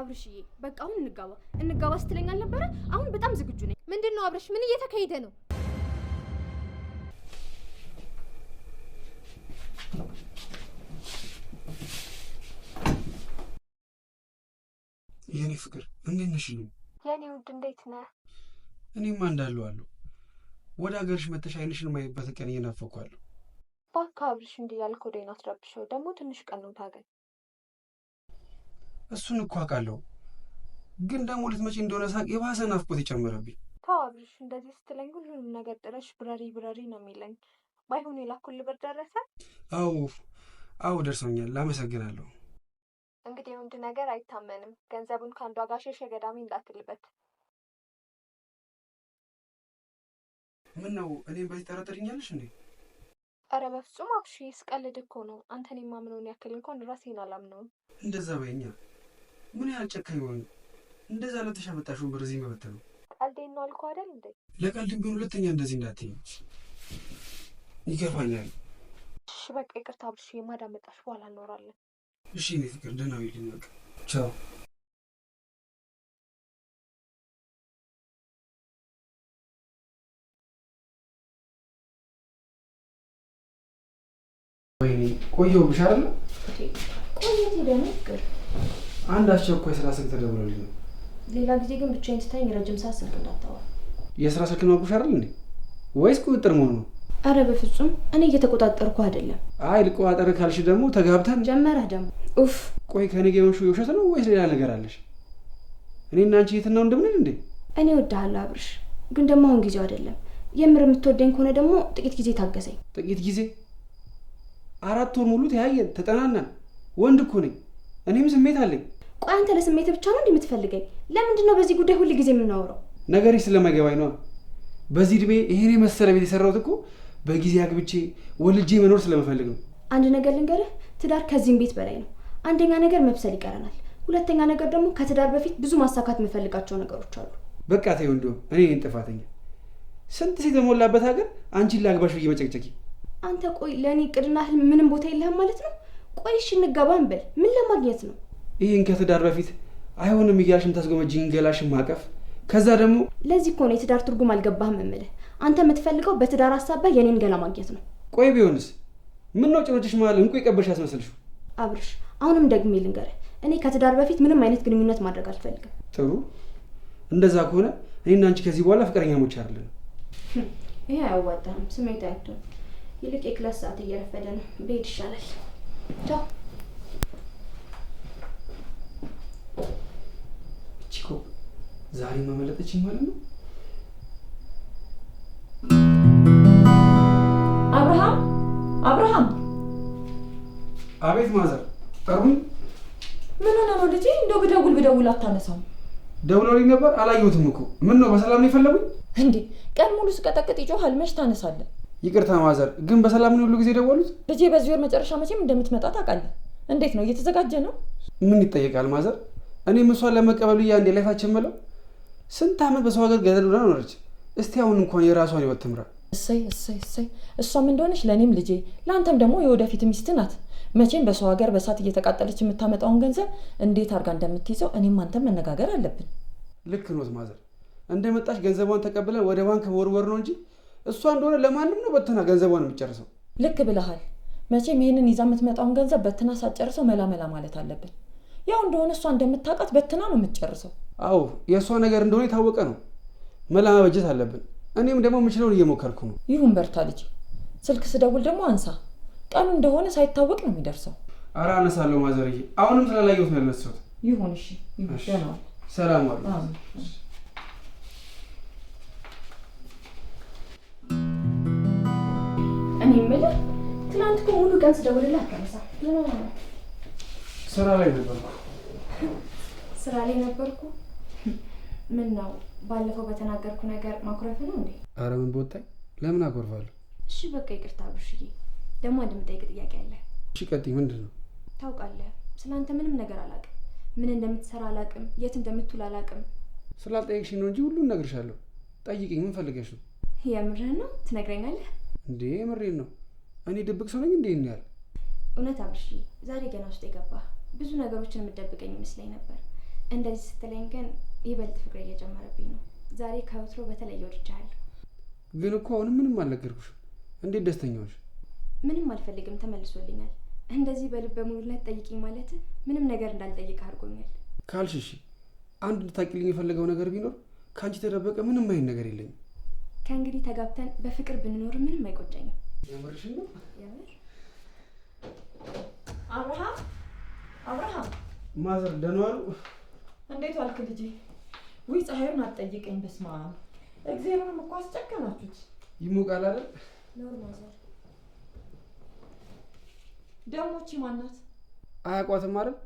አብርሽዬ በቃ አሁን እንጋባ እንጋባ ስትለኝ አልነበረ? አሁን በጣም ዝግጁ ነኝ። ምንድን ነው አብርሽ፣ ምን እየተካሄደ ነው? የኔ ፍቅር እንዴት ነሽ? የኔ ውድ እንዴት ነ? እኔማ እንዳለው አለሁ። ወደ ሀገርሽ መተሽ አይንሽን ማየበትን ቀን እየናፈኳለሁ። እባክህ አብርሽ፣ እንዲህ ያልከው ደህና አትረብሸው። ደግሞ ትንሽ ቀን ነው ታገኝ እሱን እኮ አውቃለሁ፣ ግን ደግሞ ልትመጪ እንደሆነ ሳቅ የባሰ ናፍቆት የጨመረብኝ። ተው አብርሽ፣ እንደዚህ ስትለኝ ሁሉንም ነገር ጥለሽ ብረሪ ብረሪ ነው የሚለኝ። ባይሆን የላኩል ብር ደረሰ? አዎ አዎ፣ ደርሶኛል። አመሰግናለሁ። እንግዲህ ወንድ ነገር አይታመንም። ገንዘቡን ከአንዷ ጋር ሸሸ ገዳሚ እንዳትልበት። ምን ነው እኔም በዚህ ጠረጥርኛለሽ እንዴ? ኧረ በፍጹም አብሽ፣ ስቀልድ እኮ ነው። አንተን የማምነውን ያክል እንኳን ራሴን አላምነውም። እንደዛ በይኛ ምን ያህል ጨካኝ ሆኑ! እንደዛ ለተሸመጣሽውን ብር እዚህ መበተኑ ቀልዴን ነው አልኩ አይደል እንዴ? ለቀልድም ቢሆን ሁለተኛ እንደዚህ እንዳትዪ። ይገባኛል። እሺ በቃ ይቅርታ ብልሽ የማዳመጣሽ በኋላ እኖራለን። እሺ እኔ ፍቅር ደህና ሁኚልኝ። በቃ ቻው። ወይኔ ቆየሁብሽ አይደል? ቆየት ሄደ ነው አንድ አስቸኳይ ስራ ስልክ ተደውሎልኝ ነው። ሌላ ጊዜ ግን ብቻዬን ትታኝ ረጅም ሰዓት ስልክ እንዳታወራ። የስራ ስልክ ማጉሽ አይደል እንዴ? ወይስ ቁጥጥር መሆኑ ነው? አረ በፍጹም እኔ እየተቆጣጠርኩ አይደለም። አይ ልቆጣጠር ካልሽ ደግሞ ተጋብተን ጀመረህ ደግሞ ኡፍ። ቆይ ከኔ ጋር የሆንሽው የውሸት ነው ወይስ ሌላ ነገር አለሽ? እኔ እና አንቺ የትና ነው እንደምንል እንዴ? እኔ እወድሃለሁ አብርሽ፣ ግን ደግሞ አሁን ጊዜው አይደለም። የምር የምትወደኝ ከሆነ ደግሞ ጥቂት ጊዜ ታገሰኝ። ጥቂት ጊዜ? አራት ወር ሙሉ ተያየን፣ ተጠናናን። ወንድ እኮ ነኝ፣ እኔም ስሜት አለኝ። ቆይ አንተ ለስሜት ብቻ ነው እንዲህ ለምንድን ነው በዚህ ጉዳይ ሁል ጊዜ የምናወራው? ነገሬ ስለማይገባኝ ነው። በዚህ እድሜ ይሄን የመሰለ ቤት የሰራሁት እኮ በጊዜ አግብቼ ወልጄ መኖር ስለምፈልግ ነው። አንድ ነገር ልንገርህ፣ ትዳር ከዚህም ቤት በላይ ነው። አንደኛ ነገር መብሰል ይቀረናል። ሁለተኛ ነገር ደግሞ ከትዳር በፊት ብዙ ማሳካት የምፈልጋቸው ነገሮች አሉ። በቃ ተይው፣ እንዲሁም እኔ ይህን ጥፋተኛ ስንት ሴት የሞላበት ሀገር አንቺን ላግባሽ ብዬ መጨቅጨቂ። አንተ ቆይ ለእኔ እቅድና ህልም ምንም ቦታ የለህም ማለት ነው? ቆይ እሺ እንገባ እንበል ምን ለማግኘት ነው? ይህን ከትዳር በፊት አይሆንም እያልሽም ታስጎመጅኝ ገላሽን ማቀፍ ከዛ ደግሞ ለዚህ እኮ ነው የትዳር ትርጉም አልገባህም እምልህ። አንተ የምትፈልገው በትዳር ሀሳብህ የኔን ገላ ማግኘት ነው። ቆይ ቢሆንስ ምን ነው ጭኖችሽ መሀል እንቁ የቀበሽ ያስመስልሽ አብርሽ፣ አሁንም ደግሜ ልንገርህ፣ እኔ ከትዳር በፊት ምንም አይነት ግንኙነት ማድረግ አልፈልግም። ጥሩ፣ እንደዛ ከሆነ እኔና አንቺ ከዚህ በኋላ ፍቅረኛሞች አይደለን። ይሄ አያዋጣም። ስሜት አይቶ ይልቅ የክላስ ሰዓት እየረፈደ ነው፣ ብሄድ ይሻላል። ቻው ቺኮ ዛሬ መመለጠችኝ ማለት ነው። አብርሃም አብርሃም! አቤት ማዘር። ጠሩኝ። ምን ሆነ ነው ልጄ? እንደው ብደውል ብደውል አታነሳውም? ደውለውልኝ ነበር አላየሁትም እኮ። ምን ነው በሰላም ነው የፈለጉኝ? እንዴ ቀን ሙሉ ስቀጠቅጥ ይጮሃል፣ መች ታነሳለህ? ይቅርታ ማዘር፣ ግን በሰላም ነው ሁሉ ጊዜ ደወሉት? ልጄ በዚህ ወር መጨረሻ መቼም እንደምትመጣ ታውቃለህ። እንዴት ነው እየተዘጋጀ ነው? ምን ይጠየቃል ማዘር እኔም ምሷን ለመቀበሉ እያ እንዴ ላይፋችን ምለው ስንት ዓመት በሰው ሀገር ገደል ብላ ኖረች። እስቲ አሁን እንኳን የራሷን ህይወት ትምራ። እሰይ እሰይ እሰይ። እሷም እንደሆነች ለእኔም ልጄ ለአንተም ደግሞ የወደፊት ሚስት ናት። መቼም በሰው ሀገር በሳት እየተቃጠለች የምታመጣውን ገንዘብ እንዴት አድርጋ እንደምትይዘው እኔም አንተም መነጋገር አለብን። ልክ ኖት ማዘር። እንደመጣች ገንዘቧን ተቀብለን ወደ ባንክ መወርወር ነው እንጂ እሷ እንደሆነ ለማንም ነው በትና ገንዘቧን የሚጨርሰው። ልክ ብለሃል። መቼም ይህንን ይዛ የምትመጣውን ገንዘብ በትና ሳትጨርሰው መላመላ ማለት አለብን። ያው እንደሆነ እሷ እንደምታውቃት በትና ነው የምትጨርሰው። አዎ የእሷ ነገር እንደሆነ የታወቀ ነው። መላ ማበጀት አለብን። እኔም ደግሞ የምችለውን እየሞከርኩ ነው። ይሁን በርታ ልጅ። ስልክ ስደውል ደግሞ አንሳ። ቀኑ እንደሆነ ሳይታወቅ ነው የሚደርሰው። አረ አነሳለሁ ማዘርዬ። አሁንም ስላላየሁት ነው ያነሳሁት። ይሁን እሺ። ሰላም አሉ እኔ የምልህ ትናንት እኮ ሙሉ ቀን ስደውልልህ አታነሳም። ስራ ላይ ነበርኩ። ስራ ላይ ነበርኩ? ምን ነው ባለፈው በተናገርኩ ነገር ማኩረፍ ነው እንዴ? አረ ምን በወጣኝ። ለምን አኮርፋለሁ? እሺ በቃ ይቅርታ ብርሽዬ። ደግሞ አንድ የምጠይቅ ጥያቄ አለ። እሺ ቀጥይ። ምንድን ነው? ታውቃለህ ስለአንተ ምንም ነገር አላውቅም። ምን እንደምትሰራ አላውቅም። የት እንደምትውል አላውቅም። ስላልጠየቅሽ ነው እንጂ ሁሉን እነግርሻለሁ። ጠይቅኝ። ምን ፈልገሽ ነው? የምርህን ነው? ትነግረኛለህ እንዴ? የምሬን ነው። እኔ ድብቅ ሰው ነኝ እንዴ? ያል እውነት አብርሽ፣ ዛሬ ገና ውስጥ የገባ ብዙ ነገሮችን የምደብቀኝ ይመስለኝ ነበር። እንደዚህ ስትለኝ ግን ይበልጥ ፍቅር እየጨመረብኝ ነው። ዛሬ ከወትሮ በተለየ ወድጃለሁ። ግን እኮ አሁንም ምንም አልነገርኩሽም። እንዴት ደስተኛዎች? ምንም አልፈልግም ተመልሶልኛል። እንደዚህ በልበ ሙሉነት ጠይቅኝ ማለት ምንም ነገር እንዳልጠይቅ አድርጎኛል። ካልሽሽ አንድ እንድታቂልኝ የፈለገው ነገር ቢኖር ከአንቺ የተደበቀ ምንም አይነት ነገር የለኝም። ከእንግዲህ ተጋብተን በፍቅር ብንኖር ምንም አይቆጨኝም። የምርሽ ነው? አብርሃም አብርሃም ማዘር ደህና ዋሉ? እንዴት ዋልክ ልጄ? ውይ ፀሐዩን አትጠይቀኝ። በስመ አብ እግዚአብሔርንም እኮ አስጨከናችሁት። ይሞቃል አይደል? ኖር ማዘር። ማናት? አያውቋትም አይደል?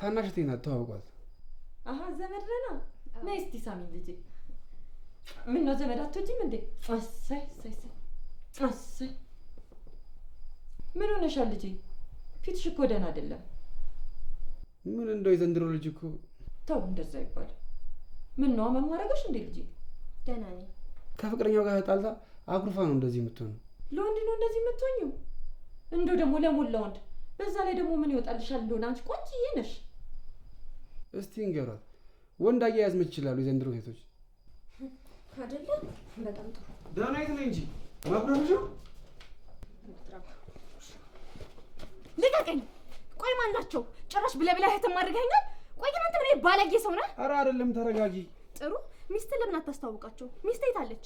ታናሽ እህቴ ናት። ተዋውቋት። አሀ ዘመድ ነው። ነይ እስቲ ሳሚ ልጄ። ዘመድ አትወጂም እንዴ? ምን ሆነሻል ልጄ? ፊትሽ እኮ ደህና አይደለም። ምን እንደው የዘንድሮ ልጅ እኮ ተው፣ እንደዛ ይባል። ምን ነው መማረገሽ እንዴ? ልጅ ደህና ነኝ። ከፍቅረኛው ጋር ጣልታ አኩርፋ ነው እንደዚህ የምትሆኑ? ለወንድ ነው እንደዚህ የምትሆኙ? እንደው ደግሞ ለሞላ ወንድ። በዛ ላይ ደግሞ ምን ይወጣልሻል? እንደሆነ አንቺ ቆንጅዬ ነሽ። እስቲ እንገሯት። ወንድ አያያዝ መች ይችላሉ የዘንድሮ ሴቶች አደለ? በጣም ጥሩ። ደህና የት እንጂ ማኩረፍሽ ልቀቀኝ ቆይ ማን ናቸው? ጭራሽ ብለህ ብለህ እህትም አድርገኸኛል። ቆይ ግን አንተ ምን ባለጌ ሰው ነህ? ኧረ አይደለም፣ ተረጋጊ። ጥሩ ሚስትህን ለምን አታስተዋውቃቸው? ሚስትህ የት አለች?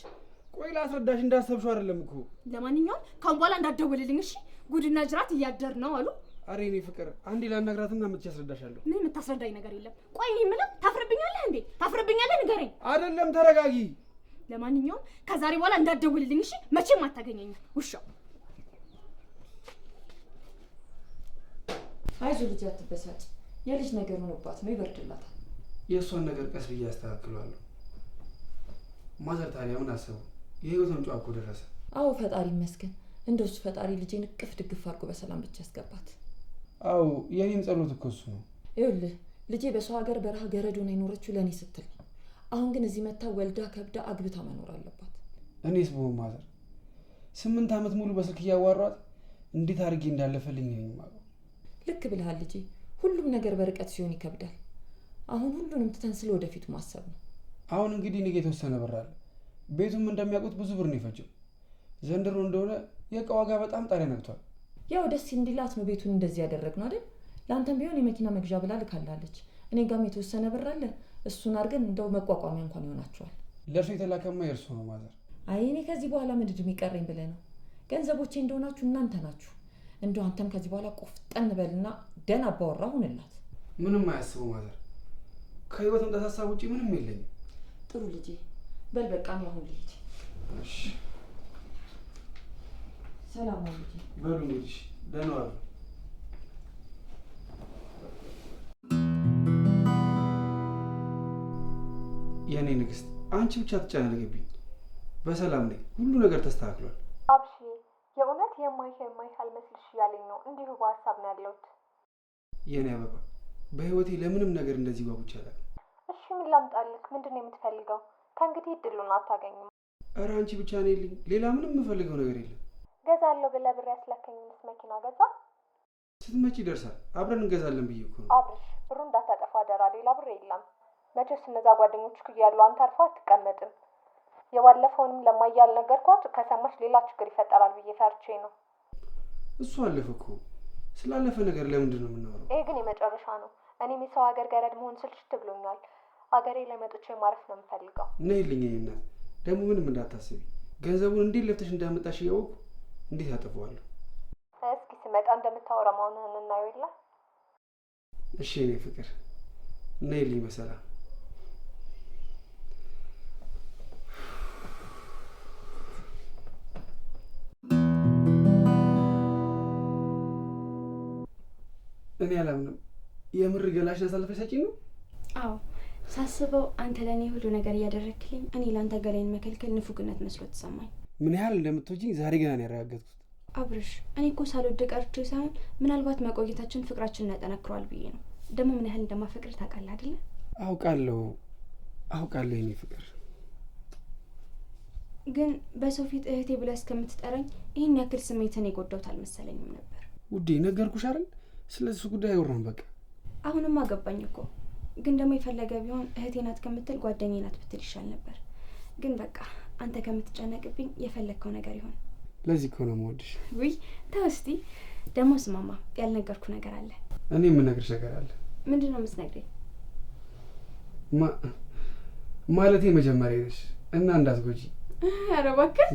ቆይ ላስረዳሽ፣ እንዳሰብሽው አይደለም እኮ። ለማንኛውም ካሁን በኋላ እንዳትደውልልኝ እሺ? ጉድና ጅራት እያደር ነው አሉ። አሬ እኔ ፍቅር አንዴ ላናግራትና መጥቼ አስረዳሻለሁ። ምን የምታስረዳኝ ነገር የለም። ቆይ የምለው ታፍርብኛለህ እንዴ? ታፍርብኛለህ? ንገረኝ። አይደለም ተረጋጊ። ለማንኛውም ከዛሬ በኋላ እንዳትደውልልኝ እሺ? መቼም አታገኘኝም ውሻው አይዞ ልጅ አትበሳጭ። የልጅ ነገር ሆኖባት ነው፣ ይበርድላታል። የእሷን ነገር ቀስ ብዬ አስተካክሏለሁ። ማዘር ታዲያ ምን አሰቡ? የህይወት መምጫዋ እኮ ደረሰ። አዎ ፈጣሪ ይመስገን። እንደሱ ፈጣሪ ልጄን እቅፍ ድግፍ አድርጎ በሰላም ብቻ ያስገባት። አዎ የኔን ጸሎት እኮ እሱ ነው። ይኸውልህ ልጄ በሰው ሀገር በረሃ ገረድ ሆና የኖረችው ለእኔ ስትል ነው። አሁን ግን እዚህ መታ ወልዳ ከብዳ አግብታ መኖር አለባት። እኔስ ብሆን ማዘር ስምንት ዓመት ሙሉ በስልክ እያዋሯት እንዴት አድርጌ እንዳለፈልኝ ነኝ ማ ልክ ብልሃል ልጄ። ሁሉም ነገር በርቀት ሲሆን ይከብዳል። አሁን ሁሉንም ትተን ስለ ወደፊቱ ማሰብ ነው። አሁን እንግዲህ እኔ የተወሰነ ብር አለ። ቤቱም እንደሚያውቁት ብዙ ብር ነው የፈጀው። ዘንድሮ እንደሆነ የእቃ ዋጋ በጣም ጣሪያ ነግቷል። ያው ደስ እንዲላት ነው ቤቱን እንደዚህ ያደረግነው አይደል። ለአንተም ቢሆን የመኪና መግዣ ብላ ልካላለች። እኔ ጋም የተወሰነ ብር አለ። እሱን አድርገን እንደው መቋቋሚያ እንኳን ይሆናቸዋል። ለእርሱ የተላከማ የእርሱ ነው ማዘር። አይ እኔ ከዚህ በኋላ ምንድን የሚቀረኝ ብለህ ነው። ገንዘቦቼ እንደሆናችሁ እናንተ ናችሁ። እንደ አንተም ከዚህ በኋላ ቆፍጠን በልና ደን አባወራ ሁንላት። ምንም አያስቡ ማዘር፣ ከህይወት መምጣት ሀሳብ ውጭ ምንም የለኝም። ጥሩ ልጄ፣ በል በቃ እኔ አሁን ልሂድ። ሰላም ልጄ። በሉ እንግዲህ ደህና ዋሉ። የእኔ ንግስት፣ አንቺ ብቻ ትጨናነቅብኝ። በሰላም ነኝ፣ ሁሉ ነገር ተስተካክሏል። የማይሻ የማይሻ አልመስልሽ እያለኝ ነው። እንዲሁ በሀሳብ ነው ያለሁት። የኔ አበባ በህይወቴ ለምንም ነገር እንደዚህ ባቡች ያላል። እሺ ምን ላምጣልህ? ምንድን ነው የምትፈልገው? ከእንግዲህ እድሉን አታገኝም። እረ አንቺ ብቻ ነው የለኝ፣ ሌላ ምንም የምፈልገው ነገር የለም። ገዛለሁ ብለህ ብር ያስላከኝ መኪና ገዛ። ስትመጪ ይደርሳል፣ አብረን እንገዛለን ብዬ እኮ ነው። አብርሽ ብሩ እንዳታጠፋ አደራ፣ ሌላ ብር የለም። መቼስ እነዛ ጓደኞች እያሉ አንተ አርፎ አትቀመጥም። የባለፈውንም ነገር ያልነገርኳት ከሰማች ሌላ ችግር ይፈጠራል ብዬ ፈርቼ ነው። እሱ አለፈ እኮ። ስላለፈ ነገር ለምንድን ነው የምናወራው? ይሄ ግን የመጨረሻ ነው። እኔም የሰው ሀገር ገረድ መሆን ስልችት ብሎኛል። ሀገሬ ላይ መጥቼ ማረፍ ነው የምፈልገው። እና ይልኝ ይናል ደግሞ ምንም እንዳታስቢ። ገንዘቡን እንዴት ለፍተሽ እንዳመጣሽ እያወቅሁ እንዴት አጠፋዋለሁ? እስኪ ስመጣ እንደምታወራ መሆንህን እናየው የለ። እሺ እኔ ፍቅር እና ይልኝ በሰላም እኔ አላምንም። የምር ገላሽ አሳልፈሽ ሰጪኝ ነው? አዎ ሳስበው አንተ ለእኔ ሁሉ ነገር እያደረግክልኝ፣ እኔ ለአንተ ገላይን መከልከል ንፉግነት መስሎ ተሰማኝ። ምን ያህል እንደምትወጂኝ ዛሬ ገና ነው ያረጋገጥኩት። አብርሽ፣ እኔ እኮ ሳልወድ ቀርቼ ሳይሆን ምናልባት መቆየታችን ፍቅራችንን ያጠናክረዋል ብዬ ነው። ደግሞ ምን ያህል እንደማፈቅር ታውቃለህ አይደለ? አውቃለሁ፣ አውቃለሁ የኔ ፍቅር። ግን በሰው ፊት እህቴ ብለህ እስከምትጠራኝ ይህን ያክል ስሜትን የጎዳሁት አልመሰለኝም ነበር ውዴ። ነገርኩሽ አይደል ስለዚህ ጉዳይ አወራን በቃ። አሁንም አገባኝ እኮ ግን ደግሞ የፈለገ ቢሆን እህቴ ናት ከምትል ጓደኛዬ ናት ብትል ይሻል ነበር። ግን በቃ አንተ ከምትጨነቅብኝ የፈለግከው ነገር ይሆን። ለዚህ ከሆነ መወድሽ። ውይ ተው እስቲ። ደግሞ ስማማ፣ ያልነገርኩ ነገር አለ። እኔ የምነግርሽ ነገር አለ። ምንድን ነው የምትነግሪኝ? ማለቴ መጀመሪያ ነሽ እና እንዳትጎጂ። ኧረ እባክህ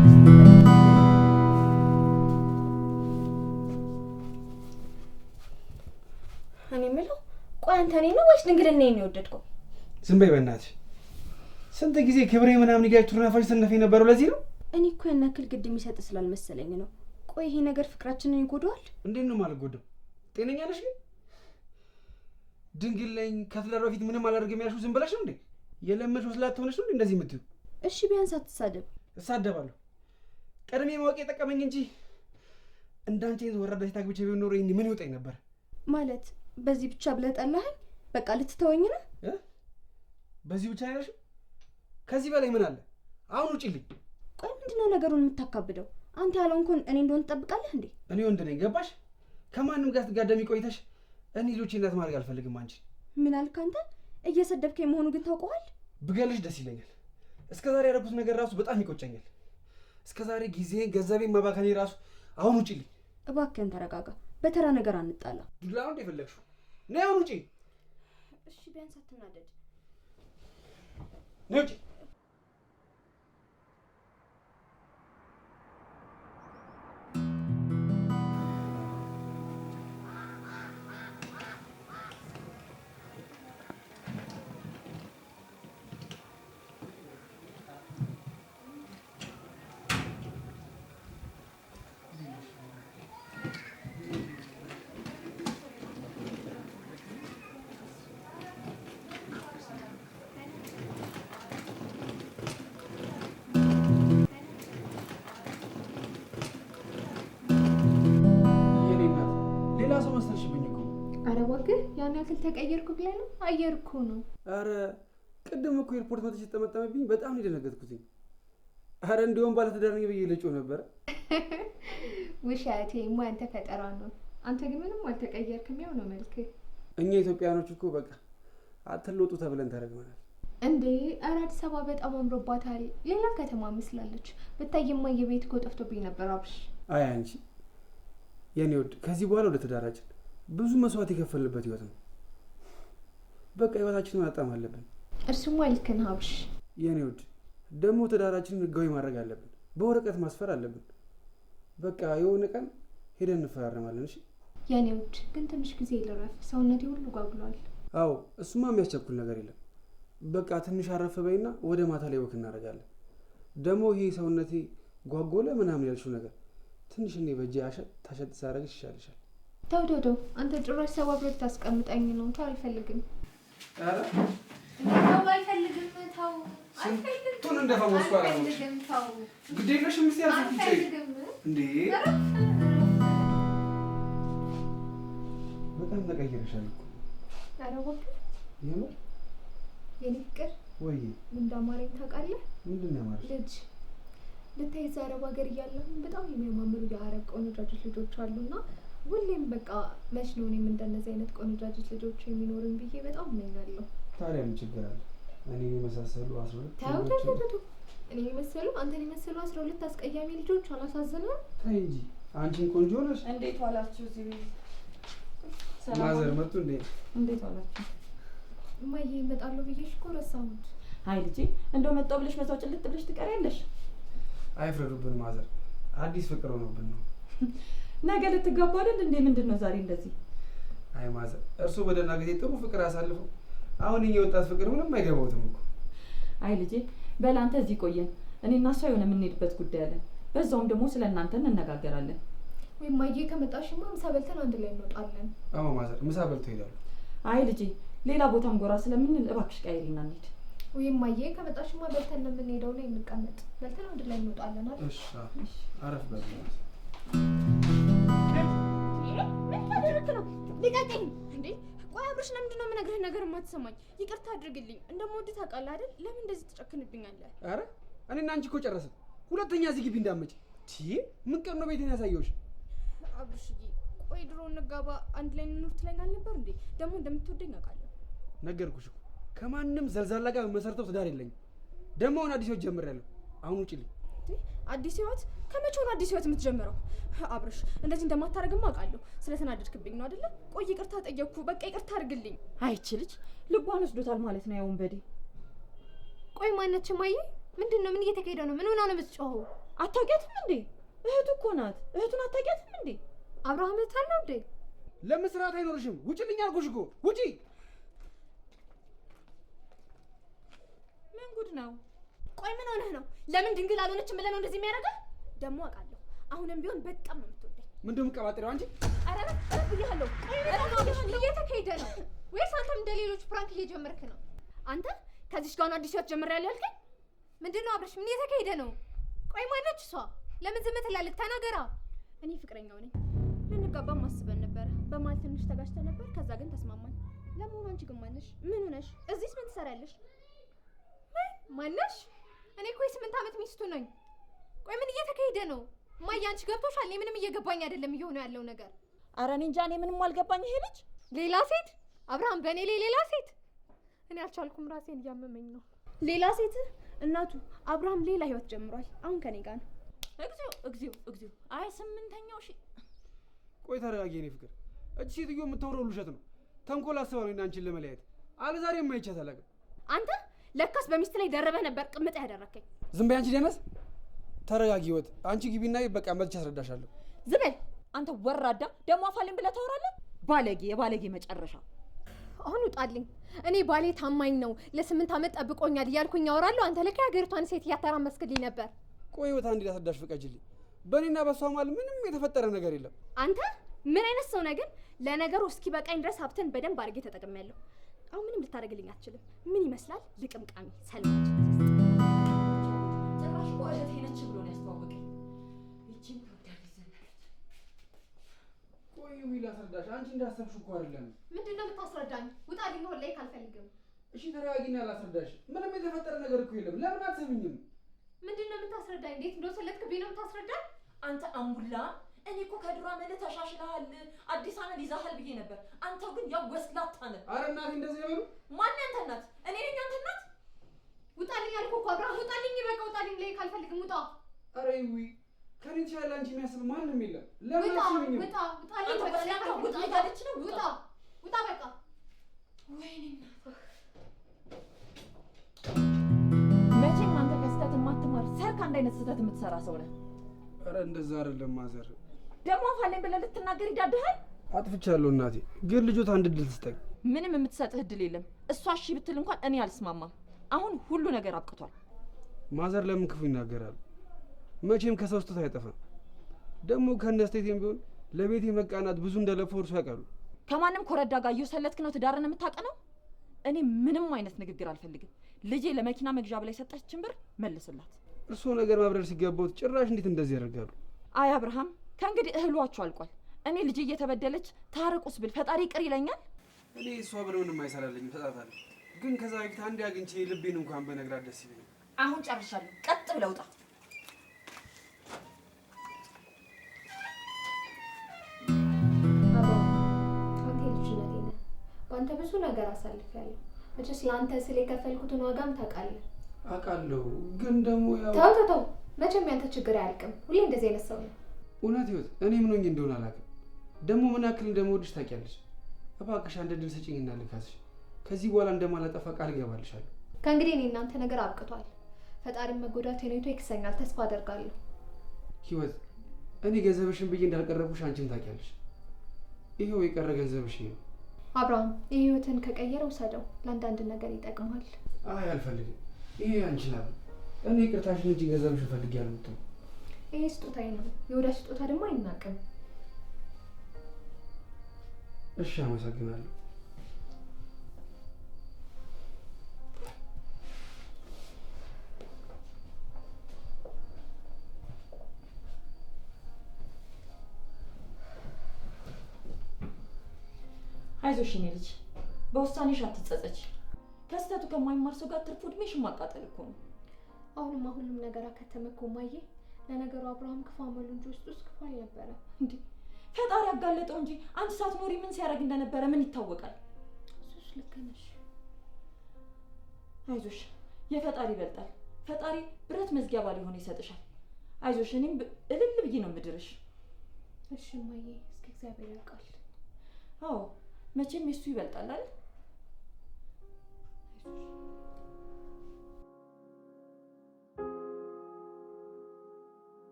ቆይ አንተ እኔ ነው ወይስ ድንግልና ነው የወደድከው? ዝም በይ በእናትሽ። ስንት ጊዜ ክብሬ ምናምን ጋር ቱርናፋሽ ስነፈ የነበረው ለዚህ ነው። እኔ እኮ ያን ያክል ግድ የሚሰጥ ስላልመሰለኝ ነው። ቆይ ይሄ ነገር ፍቅራችንን ይጎዳዋል? እንዴት ነው የማልጎዳው? ጤነኛ ነሽ ግን? ድንግል ነኝ ከትዳር በፊት ምንም አላደርግም ያልሽው ዝም ብለሽ እንዴ? የለመድሽ ወስላት ሆነሽ ነው እንደዚህ የምትዩ? እሺ ቢያንስ አትሳደብ። እሳደባለሁ። ቀድሜ ማወቅ የጠቀመኝ እንጂ እንዳንቺ ወራዳ ሴት አግብቼ ቢሆን ኖሮ ምን ይውጠኝ ነበር ማለት በዚህ ብቻ ብለህ ጠላኸኝ? በቃ ልትተወኝ በዚህ ብቻ ያሽ? ከዚህ በላይ ምን አለ? አሁን ውጭልኝ ቆይ ምንድነው ነገሩን የምታካብደው? አንተ ያለውን እኔ እንደሆን ትጠብቃለህ እንዴ? እኔ ወንድ ነኝ፣ ገባሽ? ከማንም ጋር ትጋደሚ ቆይተሽ እኔ ልጆች እናት ማድረግ አልፈልግም። አንቺ ምን አልክ አንተ? እየሰደብከኝ መሆኑ ግን ታውቀዋል? ብገልሽ ደስ ይለኛል። እስከ ዛሬ ያደረኩት ነገር ራሱ በጣም ይቆጨኛል። እስከ ዛሬ ጊዜ ገንዘቤን ማባከኔ ራሱ አሁን ውጪልኝ። እባክህን ተረጋጋ። በተራ ነገር አንጣላ። ዱላ ነው እንደፈለግሽው ነይ፣ አሁን ውጪ። እሺ ቢያንስ አትናደድ። ነይ ውጪ። አረ እባክህ ያን ያክል ተቀየርኩ ብለህ ነው? አየር እኮ ነው። አረ ቅድም እኮ ኤርፖርት መጥቼ ተጠመጠመብኝ። በጣም ነው የደነገጥኩት። አረ እንዲሁም ባለትዳር ነኝ ብዬ ልጮህ ነበረ። ውሸቴ ሞ አንተ ፈጠራ ነው። አንተ ግን ምንም አልተቀየርክም፣ ያው ነው መልክህ። እኛ ኢትዮጵያኖች እኮ በቃ አትለወጡ ተብለን ተረግመናል። እንዴ ኧረ አዲስ አበባ በጣም አምሮባታል። ሌላ ከተማ ምስላለች። ብታይማ የቤት እኮ ጠፍቶብኝ ነበር። አብሽ አይ አንቺ የኔ ወድ ከዚህ በኋላ ወደ ትዳራችን ብዙ መስዋዕት የከፈልበት ህይወት ነው። በቃ ህይወታችን ማጣም አለብን። እርሱማ ልክ ነህ የኔ ውድ ደግሞ ትዳራችንን ህጋዊ ማድረግ አለብን። በወረቀት ማስፈር አለብን። በቃ የሆነ ቀን ሄደን እንፈራረማለን። እሺ የኔ ውድ፣ ግን ትንሽ ጊዜ ልረፍ። ሰውነቴ ሁሉ ጓጉሏል። አዎ እሱማ የሚያስቸኩል ነገር የለም። በቃ ትንሽ አረፍ በይና ወደ ማታ ላይ ወክ እናደርጋለን። ደግሞ ይሄ ሰውነቴ ጓጎለ ምናምን ያልሽው ነገር ትንሽ እኔ በእጄ ታሸጥ ሳደርግሽ ይሻልሻል። ተውደዶ አንተ ጭራሽ ሰባ ብሎ ታስቀምጠኝ ነው። ተው አልፈልግም። ተው በጣም ተቀይረሻል እኮ ኧረ እባክህ የምር ፍቅር ወይ ምን እንዳማረኝ ታውቃለህ? ምንድን ነው ያማረሽ? ልጅ ልታይ እዛ አረብ ሀገር እያለሁ በጣም የሚያማምሩ የአረብ ቆንጆች ልጆች አሉና ሁሌም በቃ መች ነው እኔም እንደነዚህ አይነት ቆንጃጅት ልጆች የሚኖርን ብዬ በጣም እመኛለሁ። ታዲያ ምን ችግር አለ? እኔ የመሳሰሉ አስራ ሁለት እኔ የመሰሉ አንተን የመሰሉ አስራ ሁለት አስቀያሚ ልጆች አላሳዝንም? ተይ እንጂ አንቺን ቆንጆ ነሽ። እንዴት ዋላችሁ? ማዘር መጡ እንዴ? እንዴት ዋላችሁ? እማዬ እመጣለሁ ብዬሽ እኮ ረሳሁት። አይ ልጄ እንደው መጣሁ ብለሽ መታው ጭልጥ ብለሽ ትቀሪያለሽ። አይፍረዱብን ማዘር፣ አዲስ ፍቅር ሆኖብን ነው ነገ ልትጋቡ አይደል እንዴ? ምንድን ነው ዛሬ እንደዚህ? አይ ማዘር፣ እርሱ ወደና ጊዜ ጥሩ ፍቅር አሳልፈው፣ አሁን እኛ ወጣት ፍቅር ምንም አይገባውትም እኮ። አይ ልጄ፣ በል አንተ እዚህ ቆየን፣ እኔ እና እሷ የሆነ የምንሄድበት ጉዳይ አለን። በዛውም ደግሞ ስለ እናንተ እንነጋገራለን። ወይ ማዬ፣ ከመጣሽማ ምሳ በልተን አንድ ላይ እንወጣለን። አዎ ማዘር፣ ምሳ በልቶ ይሄዳሉ። አይ ልጄ፣ ሌላ ቦታም ጎራ ስለምንል እባክሽ ቀይሪና እንሂድ። ወይ ማዬ፣ ከመጣሽማ በልተን ነው የምንሄደው ነው የምንቀመጥ። በልተን አንድ ላይ እንወጣለን። አረፍ በል ምን አብርሽ፣ ለምንድን ነው የምነግርህ ነገር የማትሰማኝ? ይቅርታ አድርግልኝ። እንደምወድህ ታውቃለህ አይደል? ለምን እንደዚህ ትጨክንብኛለህ? አረ እኔና አንቺ እኮ ጨረስን። ሁለተኛ እዚህ ግቢ እንዳመጭ ቲ ምን ቀን ነው ቤትን ያሳየውሽ? አብርሽዬ፣ ቆይ ድሮ እንጋባ አንድ ላይ እንኑር ትለኝ አልነበር እንዴ? ደግሞ እንደምትወደኝ አውቃለሁ። ነገርኩሽ እኮ ከማንም ዘልዛላ ጋር መሰርተው ትዳር የለኝም። ደግሞ አሁን አዲስ ጀምሬያለሁ። አሁን ውጭልኝ አዲስ ህይወት ከመቼውን አዲስ ህይወት የምትጀምረው? አብርሽ እንደዚህ እንደማታደርግማ አውቃለሁ። ስለተናደድክብኝ ነው አይደለ? ቆይ ይቅርታ ጠየቅኩ። በቃ ይቅርታ አድርግልኝ። አይቺ ልጅ ልቧን ወስዶታል ማለት ነው። ያውን በዴ ቆይ ማነት ችማይ ምንድን ነው? ምን እየተካሄደ ነው? ምን ሆና ነው የምትጮኸው? አታውቂያትም እንዴ? እህቱ እኮ ናት። እህቱን አታውቂያትም እንዴ? አብርሃም እህት አለው እንዴ? ለምስራት አይኖርሽም። ውጭ ልኝ አልኩሽ እኮ ውጪ። ምን ጉድ ነው? ቆይ ምን ሆነህ ነው? ለምን ድንግል አልሆነችም ብለህ ነው እንደዚህ የሚያደርገህ? ደግሞ አውቃለሁ አሁንም ቢሆን በጣም ነው የምትወደኝ። ምንድን የምትቀባጥሪው አንቺ? ኧረ በጣም ብያለሁ። እየተካሄደ ነው ወይስ አንተም እንደ ሌሎች ፕራንክ እየጀመርክ ነው? አንተ ከዚች ጋር አዲስ ህይወት ጀምሬያለሁ ያልከኝ ምንድን ነው አብረሽ? ምን እየተካሄደ ነው? ቆይ ማነች እሷ? ለምን ዝም ትላለች? ተናገራ። እኔ ፍቅረኛው ነኝ። ልንጋባም አስበን ነበረ። በመሀል ትንሽ ተጋጭተን ነበር፣ ከዛ ግን ተስማማን። ለመሆኑ አንቺ ግን ማነሽ? ምን ሆነሽ? እዚህስ ምን ትሰሪያለሽ? ማነሽ? እኔ እኮ የስምንት ዓመት ሚስቱ ነኝ። ቆይ ምን እየተካሄደ ነው? እማዬ አንቺ ገብቶሻል? እኔ ምንም እየገባኝ አይደለም እየሆነ ያለው ነገር። ኧረ እኔ እንጃ፣ እኔ ምንም አልገባኝ። ይሄ ልጅ ሌላ ሴት አብርሃም፣ በእኔ ላይ ሌላ ሴት። እኔ አልቻልኩም፣ ራሴን እያመመኝ ነው። ሌላ ሴት እናቱ አብርሃም ሌላ ህይወት ጀምሯል። አሁን ከኔ ጋር ነው። እግዚኦ፣ እግዚኦ፣ እግዚኦ! አይ ስምንተኛው ሺ ቆይ ተረጋጊ፣ የኔ ፍቅር። እቺ ሴትዮ የምታወራው ውሸት ነው። ተንኮል አስባ ነው አንቺን ለመለያየት። አለ ዛሬ የማይቻት አላውቅም። አንተ ለካስ በሚስት ላይ ደረበህ ነበር ቅምጠ ያደረከኝ። ዝም በይ አንቺ ደነዝ፣ ተረጋጊ ህይወት። አንቺ ግቢና በቃ መጥቼ አስረዳሻለሁ። ዝም በል አንተ ወራዳ፣ ደግሞ አፋልን ብለህ ታወራለህ። ባለጌ፣ የባለጌ መጨረሻ። አሁን ውጣልኝ። እኔ ባሌ ታማኝ ነው፣ ለስምንት ዓመት ጠብቆኛል እያልኩኝ ያወራለሁ። አንተ ለካ ሀገሪቷን ሴት እያተራመስክልኝ ነበር። ቆይ ህይወት፣ አንዴ ላስረዳሽ ፍቀጅልኝ። በእኔና በሷ መሀል ምንም የተፈጠረ ነገር የለም። አንተ ምን አይነት ሰው ነህ ግን? ለነገሩ እስኪ በቃኝ ድረስ ሀብትን በደንብ አድርጌ ተጠቅሜያለሁ። አሁን ምንም ልታደርግልኝ አትችልም። ምን ይመስላል ልቅምቃሚ ሰልማች ጭራሽ ሚል አስረዳሽ። አንቺ እንዳሰብሽ እኮ አይደለም። ምንድን ነው የምታስረዳኝ? ውጣ ሊኖር ላይ ካልፈልግም። እሺ ላስረዳሽ። ምንም የተፈጠረ ነገር እኮ የለም። ለምን አትሰሚኝም? ምንድን ነው የምታስረዳኝ? እንዴት እንደወሰለትክ ቤ ነው የምታስረዳኝ? አንተ አንቡላ እኔ እኮ ከድሮ አመለ ተሻሽለሃል፣ አዲስ አመል ይዛሃል ብዬ ነበር። አንተ ግን ያው ወስላታ ነህ። አረ እናት እንደዚህ ነው። ማን ያንተ እናት? እኔ ነኝ ያንተ እናት? ውጣልኝ አልኩ እኮ አብራ ውጣልኝ፣ በቃ ውጣልኝ። ላይ ካልፈልግም ውጣ። አረ ይዊ ከኔ ትችላለህ። አንቺ የሚያስብ ማንም የለም። ለምን አትችልኝም? ውጣ፣ ውጣ፣ ውጣ፣ ውጣ፣ ውጣ እያለች ነው። ውጣ፣ ውጣ፣ በቃ ወይኔ እናት መቼም አንተ ከስህተት የማትማር ሰርክ አንድ አይነት ስህተት የምትሰራ ሰው ነህ። አረ እንደዛ አይደለም ማዘር ደግሞ አፋለኝ ብለህ ልትናገር ይዳድሃል። አጥፍቻለሁ እናቴ፣ ግን ልጆት አንድ እድል ትስጠኝ። ምንም የምትሰጥህ እድል የለም። እሷ እሺ ብትል እንኳን እኔ አልስማማም። አሁን ሁሉ ነገር አብቅቷል። ማዘር ለምን ክፉ ይናገራሉ? መቼም ከሰው ስህተት አይጠፋም። ደግሞ ከእነ ስቴቴም ቢሆን ለቤቴ መቃናት ብዙ እንደለፈው እርሶ ያውቃሉ። ከማንም ኮረዳ ጋር እየወሰለትክ ነው ትዳርን የምታቀነው። እኔ ምንም አይነት ንግግር አልፈልግም። ልጄ ለመኪና መግዣ ብላ የሰጠችን ብር መልስላት። እርስዎ ነገር ማብረር ሲገባውት ጭራሽ እንዴት እንደዚህ ያደርጋሉ? አይ አብርሃም ከእንግዲህ እህሏችሁ አልቋል። እኔ ልጅ እየተበደለች ታረቁስ ብል ፈጣሪ ይቅር ይለኛል? እኔ እሷ ብለውንም አይሰራለኝ ፈጣታል። ግን ከዛ በፊት አንድ አግኝቼ ልቤን እንኳን በነግራት ደስ ይለኛል። አሁን ጨርሻለሁ። ቀጥ ብለህ ውጣ። አንተ ብዙ ነገር አሳልፊያለሁ። መቼስ ለአንተ ስል የከፈልኩትን ዋጋም ታውቃለህ። አውቃለሁ ግን ደግሞ ያው ተው ተው ተው፣ መቼም ያንተ ችግር አያልቅም። ሁሌ እንደዚህ አይነት ሰው ነው። እውነት ህይወት፣ እኔ ምን ሆኜ እንደሆነ አላውቅም። ደግሞ ምን ያክል እንደምወድሽ ታውቂያለሽ። እባክሽ አንድ ድል ስጭኝና ልካስሽ። ከዚህ በኋላ እንደማላጠፋ ቃል እገባልሻለሁ። ከእንግዲህ እኔ እናንተ ነገር አብቅቷል። ፈጣሪ መጎዳት የኔቶ ይክሰኛል፣ ተስፋ አደርጋለሁ። ህይወት፣ እኔ ገንዘብሽን ብዬ እንዳልቀረብኩሽ አንቺም ታውቂያለሽ። ይሄው የቀረ ገንዘብሽ ነው። አብርሃም፣ ይህ ህይወትን ከቀየረ ውሰደው፣ ለአንዳንድ ነገር ይጠቅማል። አይ አልፈልግም፣ ይሄ አንችላል። እኔ ቅርታሽን እንጂ ገንዘብሽ እፈልግ ይሄ ስጦታዬ ነው። የወዳጅ ስጦታ ደግሞ አይናቅም። እሺ፣ አመሰግናለሁ። አይዞሽ የኔ ልጅ፣ በውሳኔሽ አትጸጸች። ከስተቱ ከማይማር ሰው ጋር ትርፉ እድሜሽን ማቃጠል እኮ ነው። አሁንም ሁሉም ነገር አከተመ እኮ ማየ ለነገሩ አብርሃም ክፉ አመሎች ውስጥ ውስጥ ክፉ አልነበረ እንዴ? ፈጣሪ ያጋለጠው እንጂ አንድ ሰዓት ኖሪ ምን ሲያደርግ እንደነበረ ምን ይታወቃል? እሱስ ልክ ነሽ። አይዞሽ፣ የፈጣሪ ይበልጣል። ፈጣሪ ብረት መዝጊያ ባል የሆነ ይሰጥሻል። አይዞሽ፣ እኔም እልል ብዬ ነው ምድርሽ። እሺ እማዬ፣ እስኪ እግዚአብሔር ያውቃል። አዎ መቼም የሱ ይበልጣል አይደል?